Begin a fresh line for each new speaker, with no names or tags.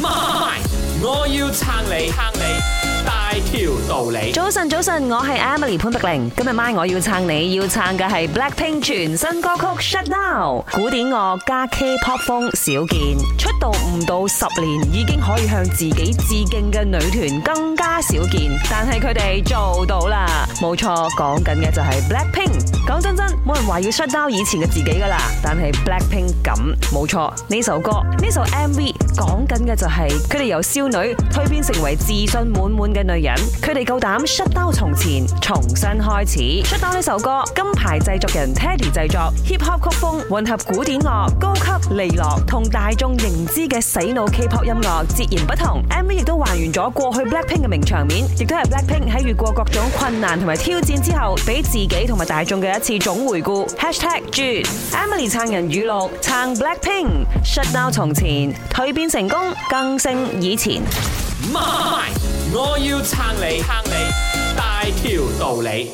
My，我要撐你，撐你大條道理。早
晨，早晨，我係 Emily 潘碧玲。今日晚我要撐你，要撐嘅係 Blackpink 全新歌曲《Shut Down》。古典樂加 K-pop 風少見，出道唔到十年已經可以向自己致敬嘅女團更加少見，但係佢哋做到啦。冇錯，講緊嘅就係 Blackpink。冇人話要 shut down 以前嘅自己噶啦，但係 Blackpink 咁冇錯呢首歌呢首 MV 講緊嘅就係佢哋由少女蛻變成為自信滿滿嘅女人，佢哋夠膽 shut down 從前，重新開始。shut down 呢首歌金牌製作人 Teddy 製作 ，hiphop 曲風混合古典樂、高級利落同大眾認知嘅洗腦 K-pop 音樂截然不同。 MV 亦都還原咗過去 Blackpink 嘅名場面，亦都係 Blackpink 喺越過各種困難同埋挑戰之後，俾自己同埋大眾嘅一次總。回顧 #Hashtag 住 Emily 撐人語錄撐 BlackpinkShut Down 從前蛻變成功更勝以前
媽咪我要撐你撐你大條道理。